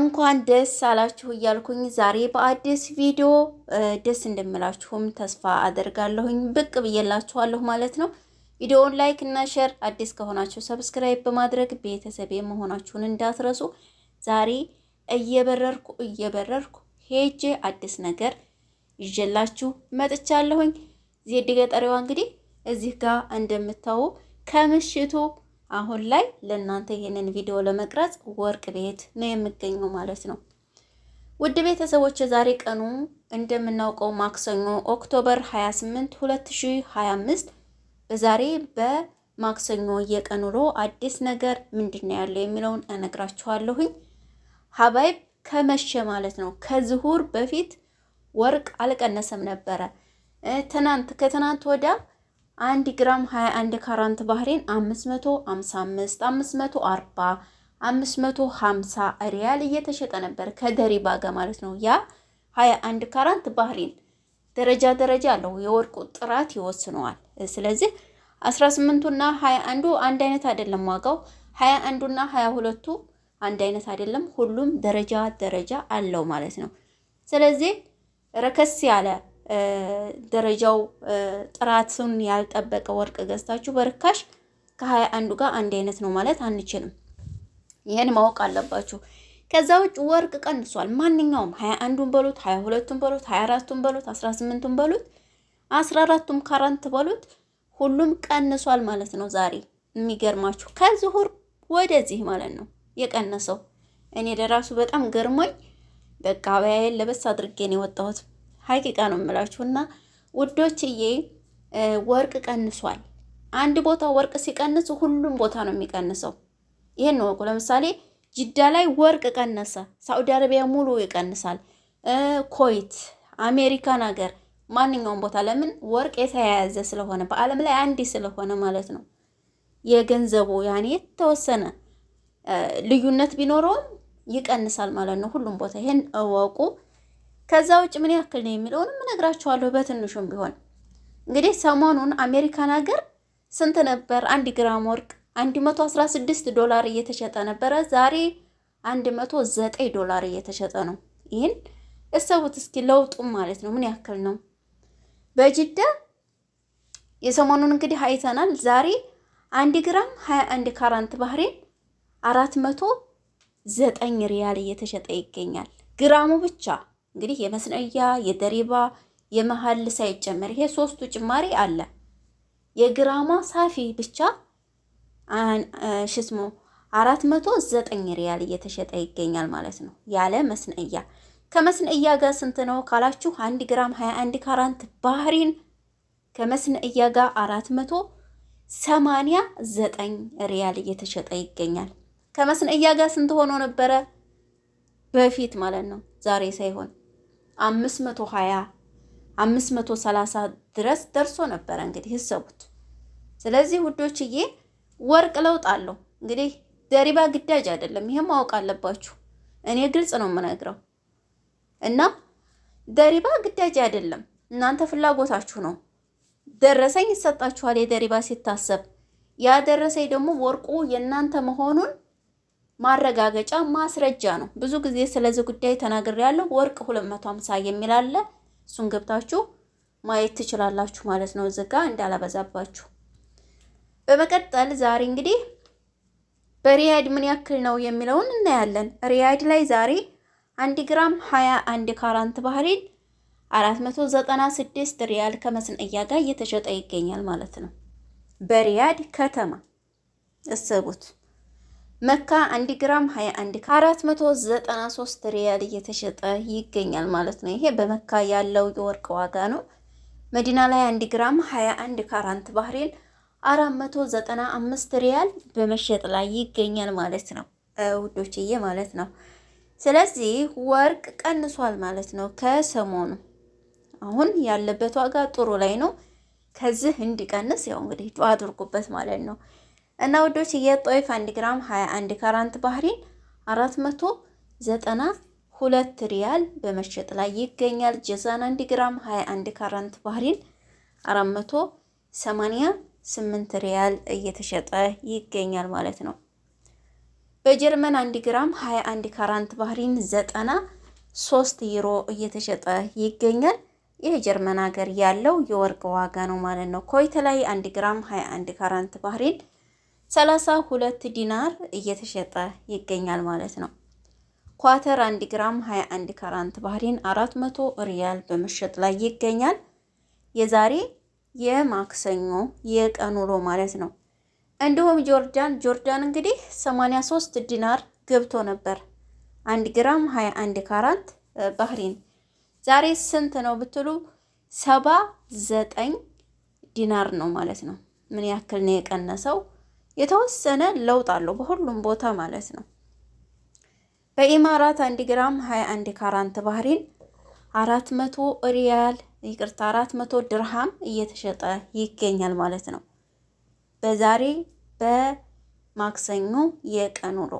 እንኳን ደስ አላችሁ እያልኩኝ ዛሬ በአዲስ ቪዲዮ ደስ እንደምላችሁም ተስፋ አደርጋለሁኝ ብቅ ብዬላችኋለሁ ማለት ነው። ቪዲዮውን ላይክ እና ሼር፣ አዲስ ከሆናችሁ ሰብስክራይብ በማድረግ ቤተሰቤ መሆናችሁን እንዳትረሱ። ዛሬ እየበረርኩ እየበረርኩ ሄጄ አዲስ ነገር ይዤላችሁ መጥቻለሁኝ። ዜድ ገጠሪዋ እንግዲህ እዚህ ጋር እንደምታዩ ከምሽቱ አሁን ላይ ለእናንተ ይህንን ቪዲዮ ለመቅረጽ ወርቅ ቤት ነው የምገኘው ማለት ነው። ውድ ቤተሰቦች የዛሬ ቀኑ እንደምናውቀው ማክሰኞ ኦክቶበር 28 2025 በዛሬ በማክሰኞ የቀን ውሎ አዲስ ነገር ምንድን ነው ያለው የሚለውን እነግራችኋለሁኝ። ሀባይብ ከመሸ ማለት ነው። ከዝሁር በፊት ወርቅ አልቀነሰም ነበረ። ትናንት ከትናንት ወዲያ አንድ ግራም 21 ካራንት ባህሬን 555 540 550 ሪያል እየተሸጠ ነበር ከደሪባ ጋር ማለት ነው። ያ 21 ካራንት ባህሬን ደረጃ ደረጃ አለው፣ የወርቁ ጥራት ይወስነዋል። ስለዚህ 18 እና 21ዱ አንድ አይነት አይደለም ዋጋው። እና 22 22ቱ አንድ አይነት አይደለም። ሁሉም ደረጃ ደረጃ አለው ማለት ነው። ስለዚህ ረከስ ያለ ደረጃው ጥራቱን ያልጠበቀ ወርቅ ገዝታችሁ በርካሽ ከሀያ አንዱ ጋር አንድ አይነት ነው ማለት አንችልም። ይህን ማወቅ አለባችሁ። ከዛ ውጭ ወርቅ ቀንሷል። ማንኛውም ሀያ አንዱን በሉት፣ ሀያ ሁለቱን በሉት፣ ሀያ አራቱን በሉት፣ አስራ ስምንቱን በሉት፣ አስራ አራቱም ካራንት በሉት ሁሉም ቀንሷል ማለት ነው። ዛሬ የሚገርማችሁ ከዝሁር ወደዚህ ማለት ነው የቀነሰው። እኔ ለራሱ በጣም ገርሞኝ በቃ አበያዬን ለበስ አድርጌ ነው የወጣሁት። ሀቂቃ ነው የምላችሁ እና ውዶችዬ ወርቅ ቀንሷል። አንድ ቦታ ወርቅ ሲቀንስ ሁሉም ቦታ ነው የሚቀንሰው። ይሄን ነው እኮ ለምሳሌ ጅዳ ላይ ወርቅ ቀነሰ፣ ሳዑዲ አረቢያ ሙሉ ይቀንሳል። ኮይት፣ አሜሪካን ሀገር፣ ማንኛውም ቦታ ለምን ወርቅ የተያያዘ ስለሆነ በዓለም ላይ አንድ ስለሆነ ማለት ነው። የገንዘቡ ያኔ የተወሰነ ልዩነት ቢኖረውም ይቀንሳል ማለት ነው ሁሉም ቦታ። ይሄን እወቁ። ከዛ ውጭ ምን ያክል ነው የሚለውንም እነግራችኋለሁ በትንሹም ቢሆን እንግዲህ ሰሞኑን አሜሪካን ሀገር ስንት ነበር አንድ ግራም ወርቅ 116 ዶላር እየተሸጠ ነበረ። ዛሬ 109 ዶላር እየተሸጠ ነው። ይህን እሰቡት እስኪ ለውጡም ማለት ነው ምን ያክል ነው። በጅዳ የሰሞኑን እንግዲህ አይተናል። ዛሬ አንድ ግራም 21 ካራንት ባህሬን 409 ሪያል እየተሸጠ ይገኛል ግራሙ ብቻ እንግዲህ የመስነያ የደሪባ የመሀል ሳይጨመር ይሄ ሶስቱ ጭማሪ አለ። የግራማ ሳፊ ብቻ ሽስሞ አራት መቶ ዘጠኝ ሪያል እየተሸጠ ይገኛል ማለት ነው ያለ መስነያ። ከመስነእያ ጋር ስንት ነው ካላችሁ 1 ግራም 21 ካራንት ባህሪን ከመስነእያ ጋር 489 ሪያል እየተሸጠ ይገኛል። ከመስነእያ ጋር ስንት ሆኖ ነበረ በፊት ማለት ነው ዛሬ ሳይሆን አምስት መቶ ሀያ አምስት መቶ ሰላሳ ድረስ ደርሶ ነበረ። እንግዲህ እሰቡት። ስለዚህ ውዶችዬ ወርቅ ለውጥ አለው። እንግዲህ ደሪባ ግዳጅ አይደለም። ይሄ ማወቅ አለባችሁ። እኔ ግልጽ ነው የምነግረው እና ደሪባ ግዳጅ አይደለም። እናንተ ፍላጎታችሁ ነው። ደረሰኝ ይሰጣችኋል። የደሪባ ሲታሰብ ያ ደረሰኝ ደግሞ ወርቁ የእናንተ መሆኑን ማረጋገጫ ማስረጃ ነው። ብዙ ጊዜ ስለዚህ ጉዳይ ተናግሬያለሁ። ወርቅ 250 የሚል አለ። እሱን ገብታችሁ ማየት ትችላላችሁ ማለት ነው። እዚህ ጋር እንዳላበዛባችሁ። በመቀጠል ዛሬ እንግዲህ በሪያድ ምን ያክል ነው የሚለውን እናያለን። ሪያድ ላይ ዛሬ 1 ግራም 21 ካራንት ባህሪን 496 ሪያል ከመስንእያ ጋር እየተሸጠ ይገኛል ማለት ነው። በሪያድ ከተማ እስቡት። መካ 1 ግራም 21 493 ሪያል እየተሸጠ ይገኛል ማለት ነው። ይሄ በመካ ያለው የወርቅ ዋጋ ነው። መዲና ላይ 1 ግራም 21 ካራንት ባህሬን 495 ሪያል በመሸጥ ላይ ይገኛል ማለት ነው ውዶችዬ ማለት ነው። ስለዚህ ወርቅ ቀንሷል ማለት ነው። ከሰሞኑ አሁን ያለበት ዋጋ ጥሩ ላይ ነው። ከዚህ እንዲቀንስ ያው እንግዲህ ዱአ አድርጉበት ማለት ነው። እና ውዶች የጦይፍ 1 ግራም 21 ካራንት ባህሪን 492 ሪያል በመሸጥ ላይ ይገኛል። ጀዛን 1 ግራም 21 ካራንት ባህሪን 488 ሪያል እየተሸጠ ይገኛል ማለት ነው። በጀርመን 1 ግራም 21 ካራንት ባህሪን 93 ዩሮ እየተሸጠ ይገኛል። ይህ ጀርመን ሀገር ያለው የወርቅ ዋጋ ነው ማለት ነው። ኮይት ላይ 1 ግራም 21 ካራንት ባህሪን ሰላሳ ሁለት ዲናር እየተሸጠ ይገኛል ማለት ነው። ኳተር 1 ግራም 21 ካራንት ባህሪን 400 ሪያል በመሸጥ ላይ ይገኛል። የዛሬ የማክሰኞ የቀን ውሎ ማለት ነው። እንዲሁም ጆርዳን ጆርዳን እንግዲህ 83 ዲናር ገብቶ ነበር 1 ግራም 21 ካራንት ባህሪን ዛሬ ስንት ነው ብትሉ 79 ዲናር ነው ማለት ነው። ምን ያክል ነው የቀነሰው? የተወሰነ ለውጥ አለው በሁሉም ቦታ ማለት ነው። በኢማራት 1 ግራም 21 ካራንት ባህሪን 400 ሪያል ይቅርታ 400 ድርሃም እየተሸጠ ይገኛል ማለት ነው። በዛሬ በማክሰኞ የቀን ውሎ